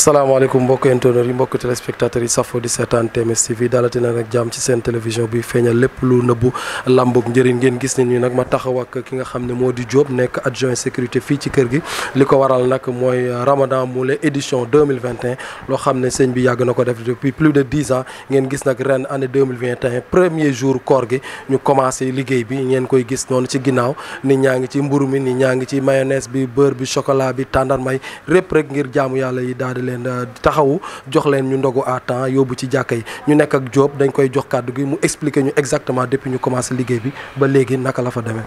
salaamaaleykum mbokk internet yi mbokk téléspectateurs yi safo di seetaan TMS TV dalati nag jàmm ci seen télévision bi feeñal lépp lu nëbbu làmboog njëriñ ngeen gis ne ni nag ma taxaw ak ki nga xam ne moo di Diop nekk adjoint sécurité fii ci kër gi li ko waral nag mooy Ramadan Moulé édition 2021 loo xam ne sëñ bi yàgg na ko def depuis plus de dix ans ngeen gis nag ren année 2021 premier jour koor gi ñu commencé liggéey bi ngeen koy gis noonu ci ginnaaw nit ñaa ngi ci mburu mi nit ñaa ngi ci mayonnaise bi beurre bi chocolat bi tàndarmay répp rek ngir jaamu yàlla yi daal leen euh, taxawu jox leen ñu ndogu à temps yóbbu ci jàkk yi ñu nekk ak joob dañ koy jox kàddu gi mu expliquer ñu exactement depuis ñu commencé liggéey bi ba léegi naka la fa demee.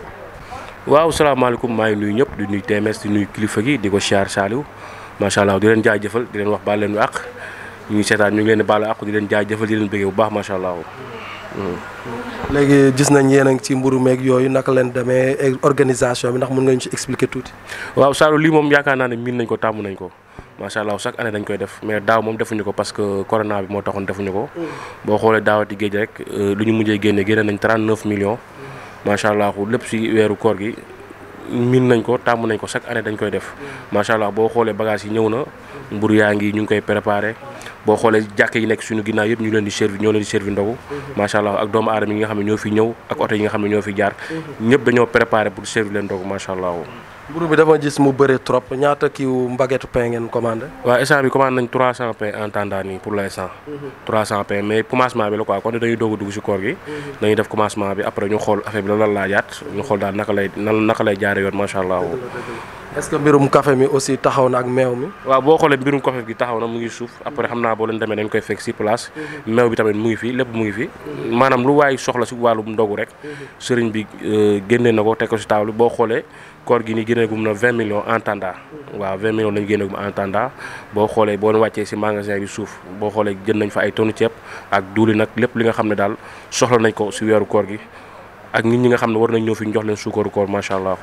waaw salaamaaleykum maa ngi nuyu ñëpp du nuyu TMS di nuyu kilifa gi di ko siyaar Saliou macha allah di leen jëfal di leen wax baal leen àq ñu ngi seetaan ñu ngi leen di baal àq di leen jaajëfal di leen bëggee bu baax macha allah. Hmm. léegi gis nañ yéen a ci mburu meeg yooyu naka leen demee eh, organisation bi ndax mën nga ci expliquer tuuti. waaw Saliou lii moom yaakaar naa ne miin nañ ko tàmm nañ ko. macha allah chaque année dañ koy def mais daaw moom defuñu ko parce que corona bi moo taxoon defuñu ko. boo xoolee daawati géej rek euh, lu ñu mujjee génne génne nañ 39 millions. macha allah lépp ci weeru koor gi min nañ ko tàmm nañ ko chaque année dañ koy def. macha allah boo xoolee bagage yi ñëw na. mburu yaa ngi ñu ngi koy préparé. boo xoolee jàkk yi nekk suñu ginnaaw yëpp ñu leen di servi ñoo leen di servi ndogu macha allah ak doomu aadama yi nga xam ne ñoo fi ñëw ak oto yi xam ne ñoo fi jaar ñëpp dañoo préparé pour servi leen ndogu macha allah mburu bi dama gis ñaata kiiw mbagetu pain ngeen commandé. waaw instant bi commandé nañ 300 pain en attendant nii pour l'instant. 300 mhm. pain mais commencement la quoi kon dañuy a dugg mbirum café mi aussi taxaw na ak meew mi. waaw boo xoolee mbirum café bi taxaw na mu ngi suuf après xam naa boo leen demee dañ koy fekk ci place. Mhm. meew bi tamit mu ngi fi lépp mu ngi fi. Mhm. maanaam lu waay soxla ci wàllum ndogu rek. sëriñ bi euh, génnee na ko teg ko ci boo xoolee koor gi ni génneegum na 20 millions en tanda waaw 20 millions lañ génneegum en tanda boo xoolee boo wàccee ci magasin bi suuf boo xoolee jën nañ fa ay tonnes ceeb ak duuli nag lépp li nga xam ne daal soxla nañ ko ci weeru koor gi ak nit ñi nga xam ne war nañ ñëw fi ñu jox leen suukaru koor macha allah.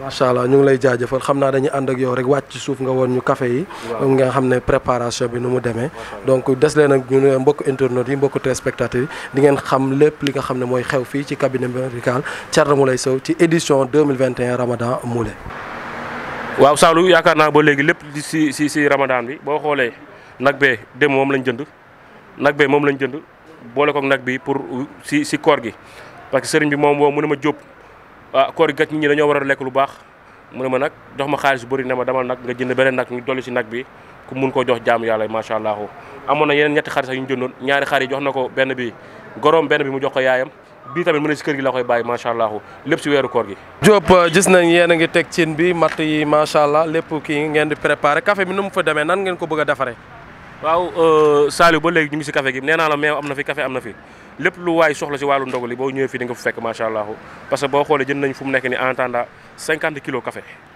macha allah ñu ngi lay jaajëfal xam naa dañuy ànd ak yow rek wàcc ci suuf nga woon ñu café yi nga xam ne préparation bi nu mu demee donc des leen ak ñun mbokk internautes yi mbokk téléspectateurs yi di ngeen xam lépp li nga xam ne mooy xew fii ci cabinet médical Thierno Mouleye Sow ci édition 2021 Ramadan Mouleye waaw Saalum yaakaar naa ba léegi lépp di si si si Ramadan bi boo xoolee nag bee dem moom lañ jënd nag bee moom lañ jënd boole koog nag bi pour si si koor gi parce que bi moom woo mu ne ma jóob ah koor gàcc ñi dañoo war a lekk lu baax mu ne ma nag jox ma xaalis bu bëri ne ma demal nag nga jënd beneen nag ñu dolli si nag bi ku mun koo jox jaamu yàlla macha allah amoon na yeneen ñetti xar sax yu ñu jëndoon ñaari xar yi jox na ko benn bi goroom benn bi mu jox ko yaayam bii tamit mu ne si kër gi la koy bàyyi macha allah lépp si weeru koor gi. Diop euh, gis na yéen ngi teg cin bi matt yi macha allah lépp kii ngeen di préparé kafe bi nu mu fa demee nan ngeen ko bëgg a defaree. waaw euh, Saliou ba léegi ñu si café gi nee naa la meew am na fi café am na fi lépp lu waay soxla si wàllu ndogu li boo ñëwee fii di nga fa fekk macha allah parce que boo xoolee jënd nañ fu mu nekk ni en attendant 50 kilos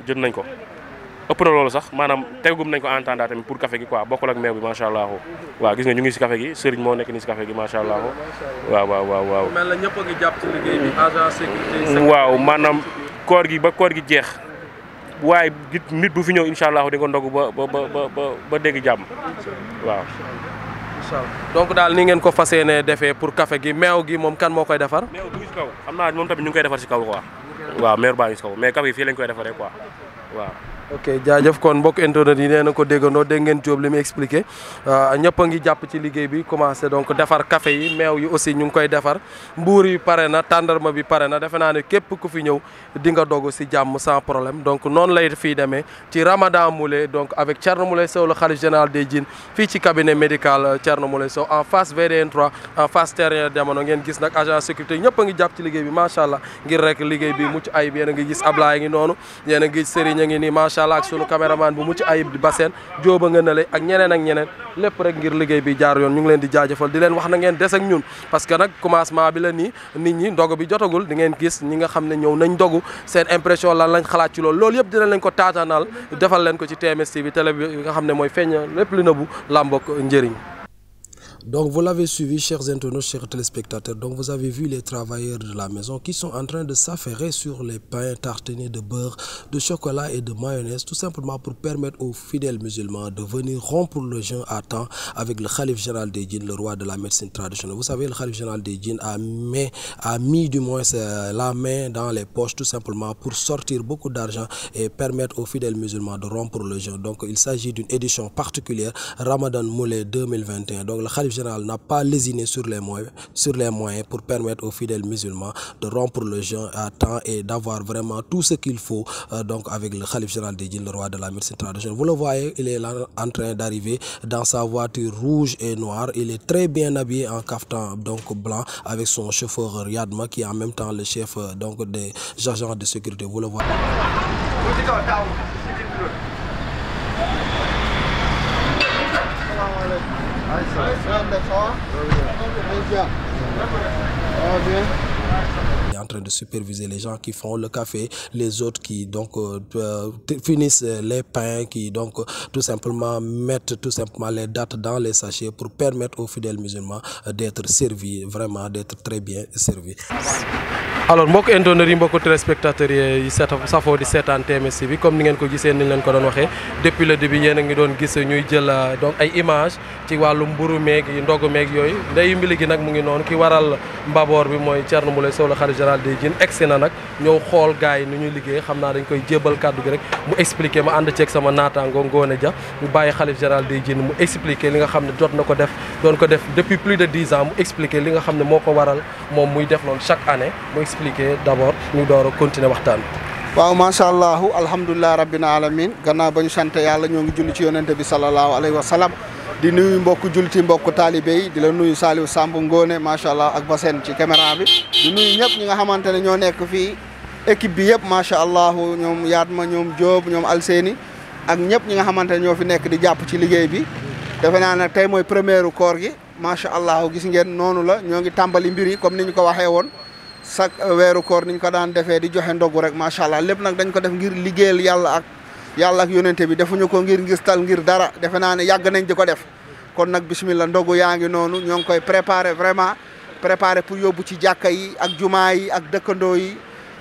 jënd nañ ko ëpp na loolu sax maanaam tegum nañ ko en attendant tamit pour kafe gi ko bokk ak meew bi macha allah waaw gis nga ñu ngi si café gi sëriñ moo nekk nii si café gi macha allah waaw waaw waaw maanaam koor gi ba koor gi jeex waaye nit bu fi ñëw incha allah di nga ndog ba ba ba ba dégg jàmm waaw. donc daal ni ngeen ko fas yéene defee pour café gi meew gi moom kan moo koy defar. meew du xam naa moom tamit ñu ngi koy defar si kaw ko waaw meew baa ngi si kaw mais café fii lañ koy defaree quoi waaw. ok jaajëf kon mbokk internet yi nee na ko déggandoo dégg ngeen Diop li muy expliqué euh, ñëpp ngi jàpp ci liggéey bi commencé donc defar café yi meew yi aussi ñu ngi koy defar mbuur yi pare na tàndarma bi pare na defe naa ne képp ku fi ñëw di nga dogu si jàmm sans problème donc noonu lay fii demee ci Ramadan Moulé donc avec Thierno Moulé Sow le khalife général des djinns fii ci cabinet médical euh, Thierno Moulé Sow en face VDN 3 en face terrain jamono ngeen gis nag agent sécurité ñëpp ngi jàpp ci liggéey bi macha allah ngir rek liggéey bi mucc ayib yéen a a a ngi nii macha allah ak sunu caméraman bu mucc ayib di Bassène jóoba nga nale ak ñeneen ak ñeneen lépp rek ngir liggéey bi jaar yoon ñu ngi leen di jaajëfal di leen wax na ngeen des ak ñun parce que nag commencement bi la nii nit ñi ndogu bi jotagul di ngeen gis ñi nga xam ne ñëw nañ ndogu seen impression la lañ xalaat ci loolu loolu yëpp dinañ leen ko taataanal defal leen ko ci TMS TV télé bi nga xam ne mooy feeñ lépp li nëbbu làmbook njariñ Donc vous l'avez suivi, chers internautes, chers téléspectateurs. Donc vous avez vu les travailleurs de la maison qui sont en train de s'affairer sur les pains tartinés de beurre, de chocolat et de mayonnaise, tout simplement pour permettre aux fidèles musulmans de venir rompre le jeûne à temps avec le Khalif général des djinns, le roi de la médecine traditionnelle. Vous savez, le Khalif général des djinns a, mis, du moins euh, la main dans les poches tout simplement pour sortir beaucoup d'argent et permettre aux fidèles musulmans de rompre le jeûne. Donc il s'agit d'une édition particulière, Ramadan Moulay 2021. khalife général n'a pas lésiné sur les moyens, pour permettre aux fidèles musulmans de rompre le jeûne à temps et d'avoir vraiment tout ce qu'il faut euh, donc avec le khalife général des djinns, le roi de la médecine traditionnelle. Vous le voyez, il est en train d'arriver dans sa voiture rouge et noire. Il est très bien habillé en caftan donc blanc avec son chauffeur Riyad Ma qui est en même temps le chef euh, donc des agents de sécurité. Vous le voyez. Hi, Il est en train de superviser les gens qui font le café, les autres qui donc euh, euh finissent euh, les pains, qui donc euh, tout simplement mettent tout simplement les dates dans les sachets pour permettre aux fidèles musulmans d'être servis, vraiment d'être très bien servis. alors mbokk intondeurs yi mbokk téléspectateurs yi set safoo di seetaan TMS bi comme ni ngeen ko gisee ni ñu leen ko doon waxee depuis le début yéen a ngi doon gis ñuy jël euh, donc ay image ci wàllu mburu meeg ndogu meeg yooyu ndeyu mbili gi nag mu ngi noonu ki waral mbaboor bi mooy Thierno Moule Sow la xarit général des Djinns egsi na nag ñëw xool gars yi nu ñuy liggéey xam naa dañ koy jébal kàddu gi rek mu expliqué ma ànd ceeg sama naataango Ngone ja ñu bàyyi xalif général des Djinns mu expliqué li nga xam ne jot na ko def doon ko def depuis plus de dix ans mu li nga xam ne moo ko waral moom muy def loolu chaque année expliquer d'abord ñu door a continuer waxtaan waaw macha allah alhamdulilah rabbil alamin gannaaw ba ñu sant yàlla ñoo ngi julli ci yonente bi salallaahu alayhi wa salam di nuyu mbokku ci mbokku taalibe yi di la nuyu Saliou Samb Ngone macha allah ak Bassène ci caméra bi di nuyu ñëpp ñi nga xamante ne ñoo nekk fii équipe bi yëpp macha allah ñoom ma ñoom Diop ñoom Alseeni ak ñëpp ñi nga xamante ne ñoo fi nekk di jàpp ci liggéey bi defe naa nag tey mooy première koor gi macha allah gis ngeen noonu la ñoo ngi tàmbali mbir yi comme ni ñu ko waxee woon chaque weeru koor niñ ko daan defee di joxe ndogu rek macha allah lépp nag dañ ko def ngir liggéeyal yàlla ak yàlla ak yonente bi defuñu ko ngir ngir tal ngir dara defe naa ne yàgg nañ di ko def kon nag bismillah ndogu yaa ngi noonu ñoo ngi koy préparer vraiment préparer pour yóbbu ci jàkka yi ak jumaa yi ak dëkkandoo yi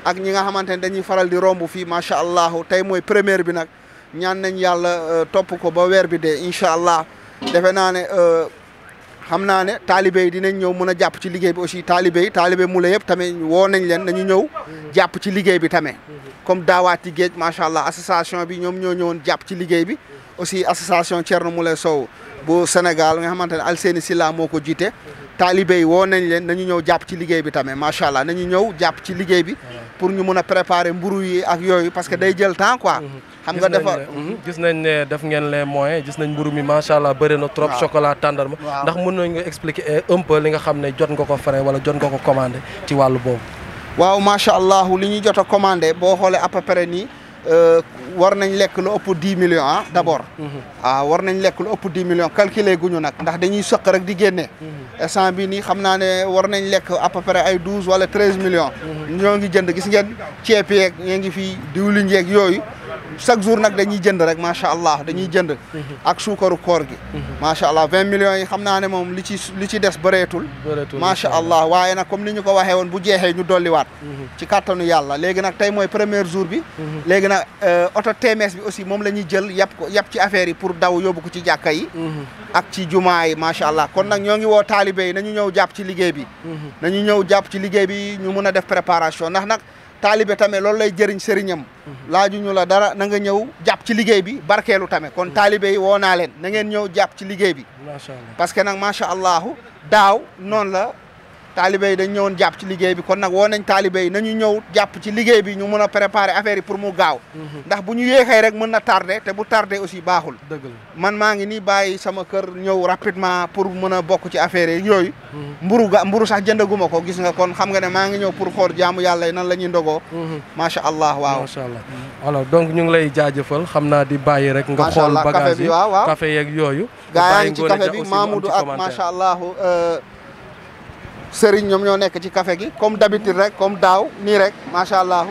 ak ñi nga xamante ne dañuy faral di romb fii macha allah tey mooy première bi nag ñaan nañ yàlla euh, topp ko ba weer bi dee incha allah defe naa euh, xam naa ne taalibe yi dinañ ñëw mën a jàpp ci liggéey bi aussi taalibe yi taalibe mu la yëpp tamit woo nañ leen nañu ñëw jàpp ci liggéey bi tamit comme daawaati géej macha allah association bi ñoom ñoo ñëwoon jàpp ci liggéey bi aussi association Thierno Moule Sow bu Sénégal nga xamante ne Alseni Silla moo ko jiite taalibe yi woo nañ leen nañu ñëw jàpp ci liggéey bi tamit macha allah nañu ñëw jàpp ci liggéey bi pour ñu mun a préparer mburu yi ak yooyu parce que day jël temps quoi. Mhm. xam nga dafa mhm. gis nañ ne def ngeen les moyens gis nañ mburu mi macha allah bëri na trop. chocolat tàndarma. ndax mën nañ nga expliquer eh, un peu li nga xam ne jot nga ko frais wala jot nga ko commandé ci wàllu boobu. waaw macha allah li ñuy jot commandé boo xoolee à près nii. Euh, war nañ lekk lu ëpp dix million ah d' abord. Mm-hmm. Mm-hmm. ah war nañ lekk lu ëpp dix millions calculer guñu nag. ndax dañuy sëq rek di génne. Mm-hmm. instant bi nii xam na ne war nañ lekk à peu ay douze wala treize million ñoo ngi jënd gis ngeen ceeb yeeg ñoo ngi fi diwlin yeeg yooyu. chaque jour nag dañuy jënd rek macha allah dañuy jënd. ak suukaru koor gi. macha allah vingt millions yi xam naa ne moom li ci li ci des bëreetul. bëreetul macha allah waaye nag comme ni ñu ko waxee woon bu jeexee ñu dolliwaat. ci kàttanu yàlla léegi nag tey mooy premier jour bi. léegi nag euh, oto TMS bi aussi moom la ñuy jël yàpp ko yàpp ci affaire yi pour daw yóbbu ko ci jàkka yi. ak ci jumaa yi macha allah kon nag ñoo ngi woo taalibe yi nañu ñëw jàpp ci liggéey bi. Mhm. nañu ñëw jàpp ci liggéey bi ñu mun a def préparation ndax nag. taalibe tame loolu lay jëriñ sëriñam mhm. laajuñu la dara na nga ñëw jàpp ci liggéey bi barkeelu tame kon mhm. taalibe yi woo naa leen na ngeen ñëw jàpp ci liggéey bi parce que nag macha allah daaw noonu la taalibe yi dañ ñëwoon jàpp ci liggéey bi kon nag woo nañ taalibe yi nañu ñëw jàpp ci liggéey bi ñu mën a préparer affaire yi pour mu gaaw mhm. ndax bu ñu yéexee rek mën na tardé te bu tardé aussi baaxul man maa ngi ni bàyyi sama kër ñëw rapidement pour mën a bokk ci affaire yi yooyu mhm. mburu ga mburu sax jëndaguma ko gis nga kon xam nga ne maa ngi ñëw pour xool jaamu yàlla yi nan la ñuy ndogoo mhm. macha allah waaw macha allah alors ñu ngi lay jaajëfal xam naa di bàyyi rek nga xool bagage yi café yeeg yooyu gaa yaa ngi ci café sëriñ ñoom ñoo nekk ci café gi comme d'habitude rek comme daaw nii rek macha allah.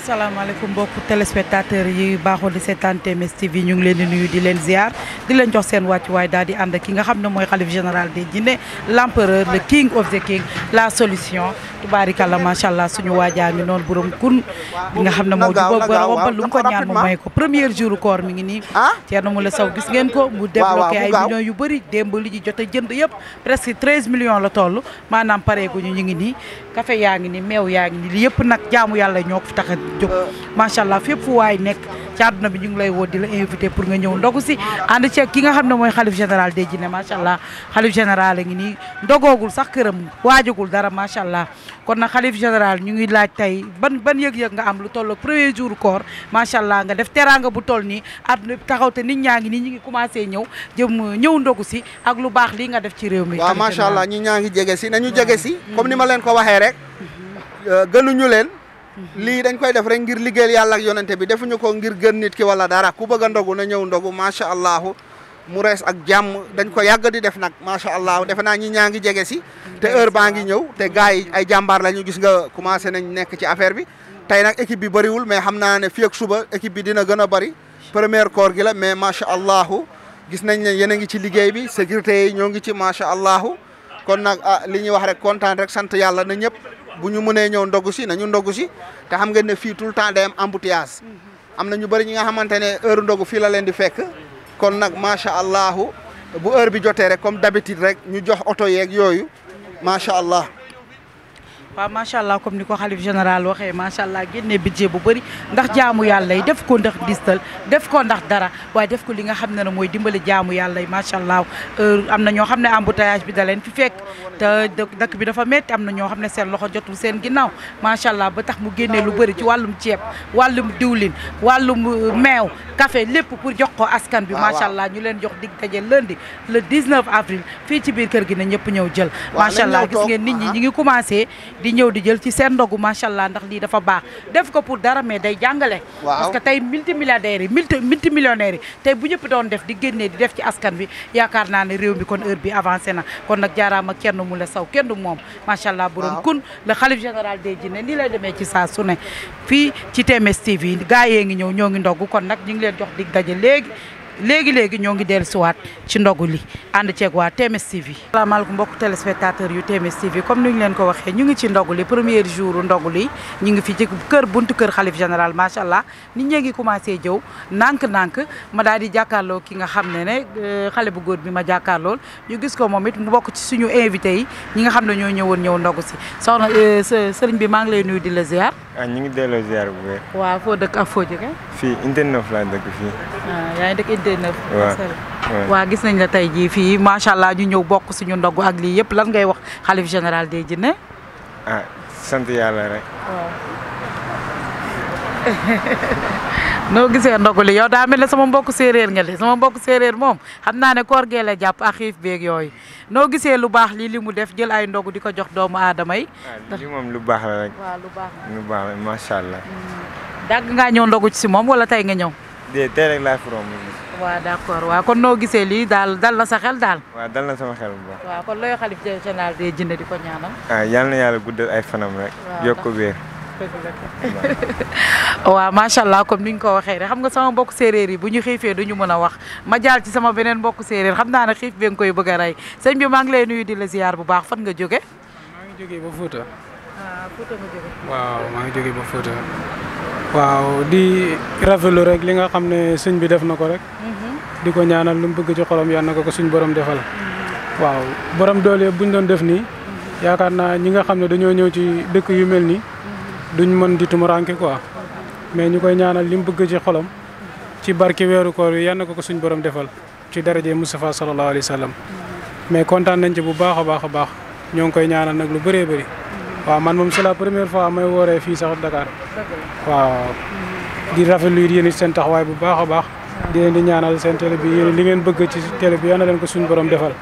salaamaaleykum mbokk téléspectateur yi baaxoo di seetaan TMS TV ñu leen di nuyu di leen ziar di leen jox seen wàccuwaay daal di ànd ak ki nga xam ne mooy xalif général de jinne l'empereur le king of the king la solution tubaarikàlla macha allah suñu waajaa ngi noonu borom kun bi nga xam ne moo jubóo borom lu mu ko ñaan mu may ko premier jour koor mi ngi nii ah? Thierno Moule Sow gis ngeen ko mu débloqué ay yu bëri démb li ñu jot jënd yëpp presque 13 million la toll maanaam pareeguñu ñu ngi nii café yaa ngi ni meew yaa ngi ni yëpp nag jaamu yàlla ñoo ko tax Diop macha allah fépp fu waay nekk ci àdduna bi ñu ngi lay woo di la invité pour nga ñëw ndogu si ànd ci ki nga xam ne mooy xalif général de ne macha allah xalif général ngi nii ndogoogul sax këram waajagul dara macha allah kon nag xalif général ñu ngi laaj tey ban ban yëg-yëg nga am lu toll premier jour koor macha allah nga def teraanga bu toll nii àdduna bi taxaw te nit ñaa ngi nii ñu ngi commencé ñëw jëm ñëw ndogu si ak lu baax lii nga def ci réew mi. waaw macha allah ñi ñaa ngi jege si nañu jege si comme ni ma leen ko waxee rek gënuñu leen lii dañ koy def rek ngir liggéeyal yàlla ak yonente bi defuñu ko ngir gën nit ki wala dara ku bëgg ndogu na ñëw ndogu macha allahu mu rees ak jàmm dañ ko yàgg di def nag macha allah defe naa ñi ñaa ngi jege si te heure baa ngi ñëw te gars yi ay jàmbaar la ñu gis nga commencé nañ nekk ci affaire bi tey nag équipe bi bëriwul mais xam naa ne fii ak suba équipe bi dina gën a bëri première koor gila la mais macha allah gis nañ ne yéen a ngi ci liggéey bi sécurité yi ñoo ngi ci macha allah kon nag ah li ñuy wax rek kontaan rek sant yàlla na ñëpp bu ñu mënee ñëw ndogg si nañu ndogg si te xam ne fii tout le temps day am embouteillage mhm. am na ñu bëri ñi nga xamante ne heure ndogg fii la leen di fekk kon nag macha allah bu heure bi jotee rek comme d'habitude rek ñu jox oto yeeg yooyu macha allah. waaw macha allah comme ni ko xalif général waxee macha allah génne budget bu bari ndax jaamu yàlla yi def ko ndax distal def ko ndax dara waaye def ko li nga xam ne ne mooy dimbali jaamu yàlla yi macha allah euh, am na ñoo xam ne embouteillage bi da leen fi fekk te dëkk bi dafa metti am na ñoo xam ne seen loxo jotul seen ginnaaw macha allah ba tax mu génnee lu bëri ci wàllum ceeb wàllum diwlin wàllum euh, meew café lépp pour jox ko askan bi ah, macha allah ñu leen jox dig daje lundi le 19 avril fii ci biir kër gi na ñëpp ñëw jël macha allah ñi ñi ngi commencé di ñëw di jël ci seen ndogu macha allah ndax lii dafa baax def ko pour dara me day jàngale. parce que tey multimilliardaires yi multi multimillionnaires yi tey bu ñëpp doon def di génnee di def ci askan bi yaakaar naa ne réew mi kon heure bi avancé na kon nag jaaraama kenn mu la saw kenn moom macha allah. borom kun la xalif général des jinne nii lay demee ci saa su ne fii ci TMS TV gaa yee ngi ñëw ñoo ngi ndogu kon nag ñu ngi leen jox dig daje léegi. léegi léegi ñoo ngi dellusiwaat ci ndogu li ànd ceeg waa TMS TV. salaamaaleykum mbokk téléspectateur yu TMS TV comme ni ñu leen ko waxee ñu ngi ci ndogu li premier jour ndogu li ñu ngi fi ci kër buntu kër xalif général macha allah ni ñee ngi commencé jëw nànk-nànk ma daal di jàkkaarloo ki nga xam ne ne euh, xale bu góor bi ma jàkkaarlool ñu gis ko moom it mu ci suñu invité yi ñi nga xam ne ñoo ñëwoon ñëw ndogu si soxna euh, sëriñ bi maa ngi lay nuyu di la ziar. ah ñu ngi delloo bu wér. waaw dëkk foo jóge. fii Unité 9 laa fii. Ah, unité gis nañ la tey jii fii macha allah ñu ñëw bokk suñu ndogu ak lii yëpp lan ngay wax xalif général day jinne ah sant gisee ndogu li yow daa mel ne sama mbokk séeréer nga li sama mbokk séeréer moom xam naa ne koor gee la jàpp ak xiif beeg yooyu noo gisee lu baax lii li mu def jël ay ndogu di ko jox doomu aadama yi. Ah, li moom lu baax la rek. waaw allah. Hmm. dàgg ngaa ñëw ndogu ci si moom wala tey nga ñëw. tey rek laa fi romb. waaw d'accord waaw kon noo gisee lii daal dal na sa xel daal. waaw dal na sama xel bu baax. waaw kon looy xalif général de Djinné di ko ñaanal. ah yal na yàlla guddal ay fanam rek. yokk ko waa waaw macha allah comme ni ñu ko waxee rek xam nga sama mbokk séeréer yi bu ñu xiifee duñu mën a wax ma jaal ci sama beneen mbokk séeréer xam naa ne xiif bee koy bëgg a rey bi maa ngi lay nuyu di la ziar bu baax fan nga jóge maa ngi jógee waaw di rafetlu rek li nga xam ne sëñ bi def na ko rek. Mhm. di ko ñaanal lu mu bëgg ci xolam yal na ko ko suñ borom defal. Mhm. waaw borom doole ñu doon def nii. Mhm. yaakaar naa ñi nga xam ne dañoo ñëw ci dëkk yu mel nii. duñ mën di tumuranke quoi. mais ñu koy ñaanal li mu bëgg ci xolam. ci barki weeru koor yi yal ko ko suñ borom defal. ci daraje Moustapha sallallahu alayhi wa mais kontaan nañ ci bu baax a baax a baax ñoo ngi koy ñaanal nag lu bëree bëri. waaw man moom c'est la première fois may wooree fii sax Dakar. waaw di rafetlu it yéen it seen waay bu baax a baax. di leen di ñaanal seen télé bi yéen li ngeen bëgg ci télé bi yal na leen ko suñu borom defal.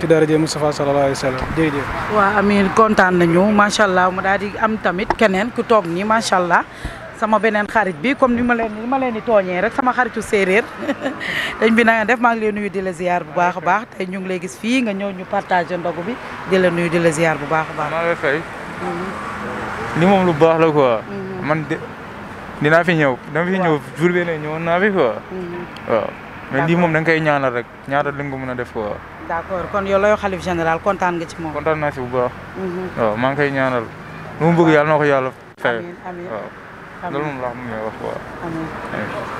ci daraje Moustapha sallallahu alayhi wa sallam jërëjëf. waaw Amine kontaan nañu macha allah ma daal di am tamit keneen ku toog nii macha allah sama beneen xarit bi comme ni ma leen ni ma leen di tooñee rek sama xaritu séeréer dañ bi na nga def maa ngi lay nuyu di la ziar bu baax a baax tey ñu ngi gis fii nga ñëw ñu partagé ndogu bi di la nuyu di la ziar bu baax a baax. li moom lu baax la quoi. Mhm. man de dinaa fi ñëw dama fi ñëw jour bi ne ñëwoon naa fi quoi. Mhm. waaw moom da nga koy ñaanal rek ñaata li nga ko mën a def quoi. d' accord xalif général kontaan nga ci moom. naa si bu baax. Mhm. maa ngi koy ñaanal lu mu bëgg yàlla na ko yàlla. amiin amiin loolu moom la xam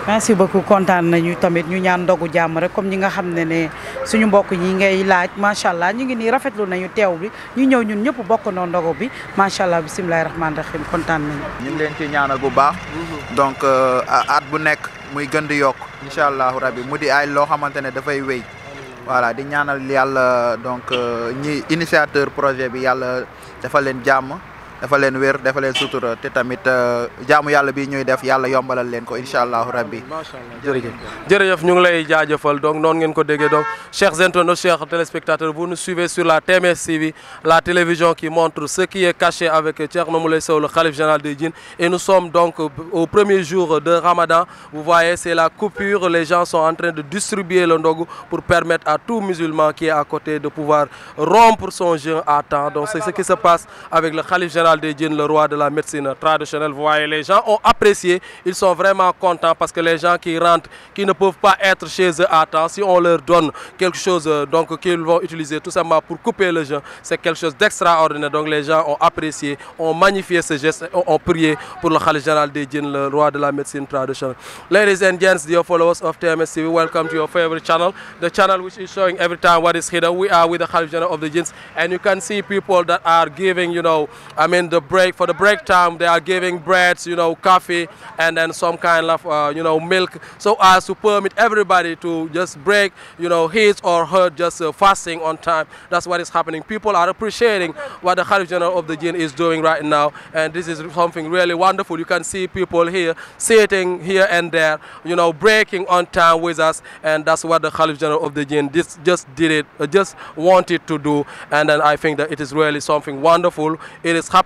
merci beaucoup kontaan nañu tamit ñu ñaan ndogu jàmm rek comme ñi nga xam ne ne suñu mbokk yi ngay laaj macha allah ñu ngi nii rafetlu nañu teew bi ñu ñëw ñun ñëpp bokk noo ndogu bi macha allah bisimilah rahmaani rahim kontaan nañu. ñaanal bu baax. donc euh, at bu nekk muy gënd yokk. incha allahu rabi mu di ay loo xamante ne dafay wéy. voilà di ñaanal yàlla donc euh, ñi initiateur projet bi yàlla dafa leen jàmm. dafa leen wér dafa leen sutura te tamit euh, jaamu yàlla bi ñuy def yàlla yombalal leen ko incha allahu rabbi jërëjëf ñu ngi lay jaajëfal donc noonu ngeen ko déggee donc chers internautes chers téléspectateurs vous nous suivez sur la TMS TV la télévision qui montre ce qui est caché avec Thierno Moulé Sow le khalife général des djinns et nous sommes donc au premier jour de Ramadan vous voyez c'est la coupure les gens sont en train de distribuer le ndogu pour permettre à tout musulman qui est à côté de général des Djinns, le roi de la médecine traditionnelle. Vous les gens ont apprécié, ils sont vraiment qui rentrent, qui ne peuvent pas être chez eux à temps, si on leur donne quelque chose euh, donc qu'ils vont utiliser de la médecine traditionnelle. Ladies and gents, dear followers of TMS TV, welcome to your favorite channel, the channel which is showing every time what is hidden. We are with the Khalid general of the Djinns and you can see people mean, the break for the break time, they are giving breads, you know, coffee, and then some kind of, uh, you know, milk, so as to permit everybody to just break, you know, his or her just uh, fasting on time. That's what is happening. People are appreciating what the Khalif General of the Jinn is doing right now, and this is something really wonderful. You can see people here sitting here and there, you know, breaking on time with us, and that's what the Khalif General of the Jinn just, just did it, uh, just wanted to do, and then I think that it is really something wonderful. It is happening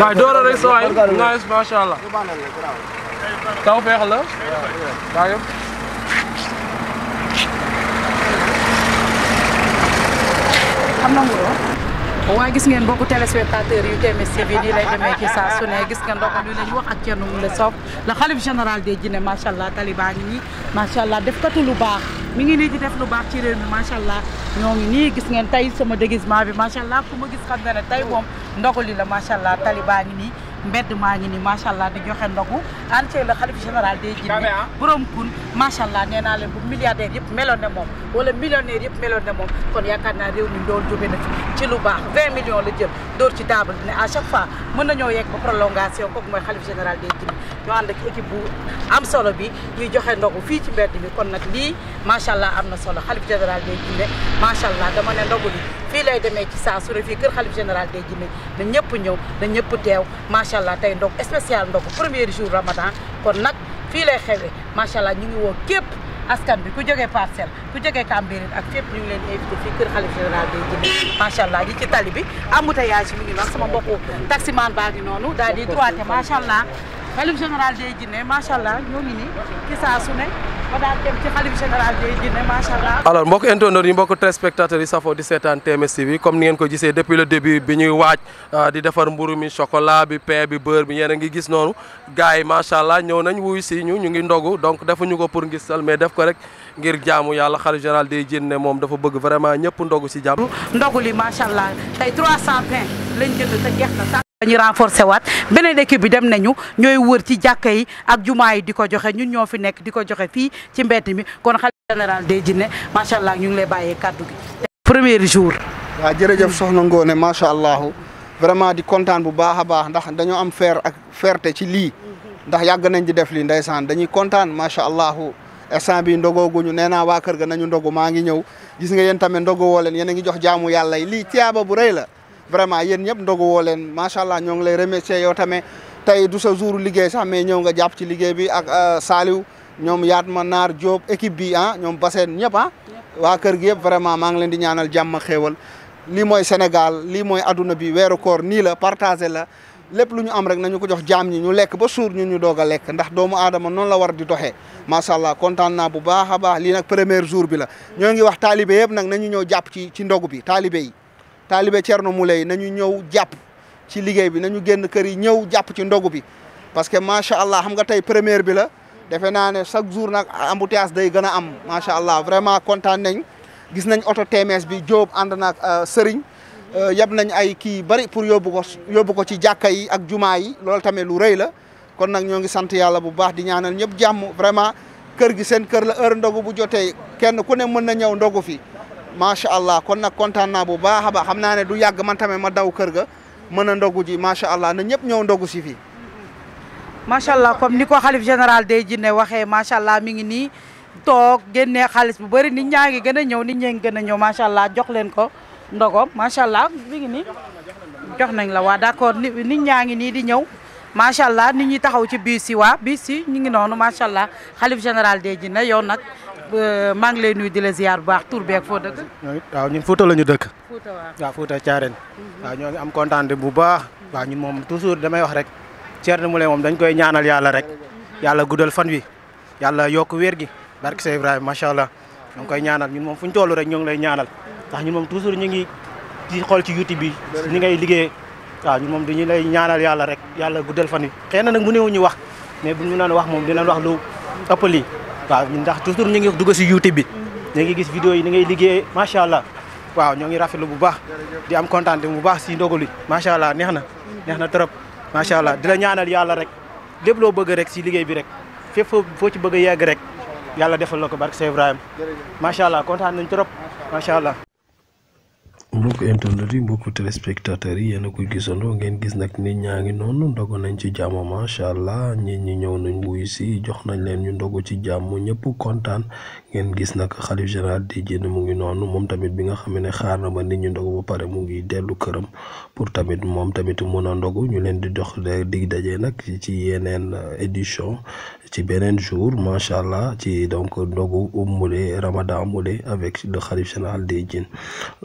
waaw doora rek sa waay nice macha allah taw feex la waaw yëpp xam na mu waaye gis ngeen mbokku téléspectateur yu TMS TV nii lay demee ci saa su ne gis ngeen ndoko li lañ wax ak Thierno Moule Sow la xalif général des jinne macha allah taliban ngi nii macha allah def katu lu baax. mu ngi nii di def lu baax ci réew mi macha allah ñoo ngi nii gis ngeen tey sama déguisement bi macha allah ku ma gis xam nga ne tey moom ndogali la macha allah taliba ngi nii mbedd maa ngi nii macha allah di joxe ndogu ante la xalif général day jinne ah. borom kun macha allah nee naa leen bu milliardaire yëpp meloon ne moom wala millionnaire yëpp meloon ne moom kon yaakaar naa réew mi ndool jóge na fi ci lu baax 20 millions la jël dóor ci daabal ne à chaque fois mën nañoo yegg ba prolongation kooku mooy xalif général day jinne ñoo ànd ak équipe bu am solo bi ñuy joxe ndogu fii ci mbedd bi kon nag lii macha allah am na solo xalif général day jinne macha allah dama ne ndogu li fii lay demee ci saa su ne fii kër xalif général day jimi na ñëpp ñëw na ñëpp teew macha allah tey ndog spécial ndog premier jour ramadan kon nag fii lay xewee macha allah ñu ngi woon képp askan bi ku jógee parcelle ku jógee Cambérène ak fépp ñu ngi leen invité fii kër xalif général day macha allah ñi ci tali bi embouteillage mi ngi noonu sama mbokku taximan baa ngi noonu daal di droité macha allah xalif général day jinne macha allah ñoo ngi nii ci saa su ne ma daal dem ci xalif général Ndiaye Djiné macha allah. mbokk internet yi mbokk téléspectateurs yi safoo di seetaan TMS TV comme ni ngeen ko gisee depuis le début bi ñuy waaj ah, di defar mburu mi chocolat bi pain bi beurre bi ñeen a ngi gis noonu gars yi macha allah ñëw nañ wuyu si ñu ñu ngi ndogu donc defuñu ko pour ngistal mais def ko rek ngir jaamu yàlla xalif général Ndiaye Djiné moom dafa bëgg vraiment ñëpp ndogu si jàmm. ndogu li macha allah tey 300 dañu renforcer waat beneen équipe bi dem nañu ñooy wër ci jàkka yi ak jumaa yi di ko joxe ñun ñoo fi nekk di ko joxe fii ci mbedd mi kon xale général day jinne macha allah ñu ngi lay bàyyee kàddu gi premier jour waaw jërëjëf soxna Ngoone macha allah vraiment di kontaan bu baax a baax ndax dañoo am fer ak ferte ci lii ndax yàgg nañ di def lii ndeysaan dañuy kontaan macha allah instant bi ndogooguñu nee naa waa kër ga nañu ndogu maa ngi ñëw gis nga yéen tamit ndogu woo leen a ngi jox jaamu yàlla yi ci tiyaaba bu rëy la vraiment yéen ñëpp ndogu woo leen macha allah ñoo ngi lay remercier yow tamit tey sa jour liggéey sax mais ñëw nga jàpp ci liggéey bi ak euh, Saliou ñoom ma Naar Diop équipe bi ah ñoom Bassène ñëpp ah. waa kër gi yëpp vraiment maa ngi leen di ñaanal jàmm xewal li mooy Sénégal lii mooy adduna bi weeru koor nii la partagé la lépp lu ñu am rek na ñu ko jox jaam ñi ñu lekk ba suur ñun ñu doog a lekk ndax doomu aadama noonu la war di doxee macha allah kontaan naa bu baax a baax lii nag jour bi la mm. ñoo ngi wax yëpp nag nañu ñëw jàpp ci ci ndogu bi taalibe yi taalibe Thierno Moulé nañu ñëw jàpp ci liggéey bi nañu génn kër yi ñëw jàpp ci ndogu bi parce que macha allah xam nga tey première bi la defe naa ne chaque jour nag embouteillage day gën a am macha allah vraiment kontaan nañ gis nañ oto TMS bi Diop ànd naag euh, Serigne euh, yab nañ ay kii bari pour yóbbu ko yóbbu ko ci jàkka yi ak jumaa yi loolu tamit lu rëy la kon nag ñoo ngi sant yàlla bu baax di ñaanal ñëpp jàmm vraiment kër gi seen kër la heure ndogu bu jotee kenn ku ne mën na ñëw ndogu fi macha allah kon nag kontaan naa bu baax a baax xam naa ne du yàgg man tamit ma daw kër ga mën a ndogu ji macha allah na ñëpp ñëw ndogu si fii. macha allah comme ni ko xalif général day jinne waxee macha allah mi ngi nii toog génnee xaalis bu bëri ni ñaa ngi gën a ñëw nit ñaa gën a ñëw macha allah jox leen ko ndogoom macha allah mi ngi ni jox nañ la waa d'accord nit ñaa ngi nii di ñëw. macha allah ni ñi taxaw ci biir si waa biir si ñu ngi noonu macha allah xalif général day jinne yo nag. Euh, maa ngi lay nuyu di la ziar bu baax tur beeg foo dëkk. waaw ñun Fouta la ñu dëkk. Fouta waaw waaw Fouta waaw ñoo ngi am kontaan bu baax. waaw ñun moom toujours damay wax rek Thierno Moule moom dañ koy ñaanal yàlla rek yàlla guddal fan wi yàlla yokk wér gi barke Sey Ibrahima macha allah ñoo koy ñaanal ñun moom fu ñu toll rek ñoo ngi lay ñaanal ndax ñun moom toujours ñu ngi ci xool ci YouTube bi ñi ngay liggéey waaw ñun moom dañu lay ñaanal yàlla rek yàlla guddal fan wi xëy na nag mu néew ñu wax mais bu ñu naan wax moom dinañ wax lu ëpp lii waaw ndax toujours ñu ngi dugg si YouTube bi ñu ngi gis vidéo yi ni ngay liggéey macha allah waaw ñoo ngi rafetlu bu baax di am kontaan bu baax si ndogalu macha allah neex na neex na trop macha allah di la ñaanal yàlla rek lépp loo bëgg rek si liggéey bi rek fépp foo ci bëgg a yegg rek yàlla defal la ko barke Seex macha allah kontaan nañ trop macha allah. mbokk internet yi mbokk téléspectateurs yi yéen a koy gisandoo ngeen gis nag nit ñaa ngi noonu ndogu nañ ci jàmm macha allah nit ñi ñëw nañ wuyu si jox nañ leen ñu ndogu ci jàmm ñëpp kontaan ngeen gis nag xalif général di jënd mu ngi noonu moom tamit bi nga xam ne xaar na ba nit ñi ndogu ba pare mu ngi dellu këram pour tamit moom tamit mun a ndogu ñu leen di jox dig dajee nag ci yeneen édition ci beneen jour macha allah ci donc ndogu Moulé Ramadan Moulé avec le Khalif général des djinns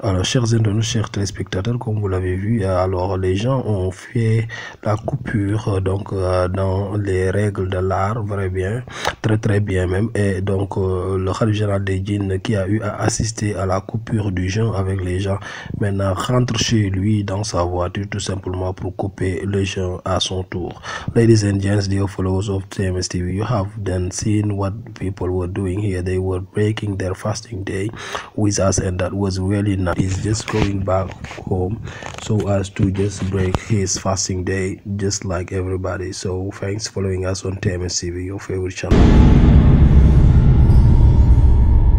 alors chers internautes chers téléspectateurs comme vous l'avez vu alors les gens ont fait la coupure donc euh, dans les règles de l'art vrai bien très très bien même et donc euh, le Khalif général des djinns qui a eu à assister à la coupure du jeûne avec les gens maintenant rentre chez lui dans sa voiture tout simplement pour couper le jeûne à son tour ladies and gents dear followers you have then seen what people were doing here. They were breaking their fasting day with us, and that was really nice. He's just going back home so as to break his fasting day, just like everybody. So, thanks following us on TMSCV, your favorite channel.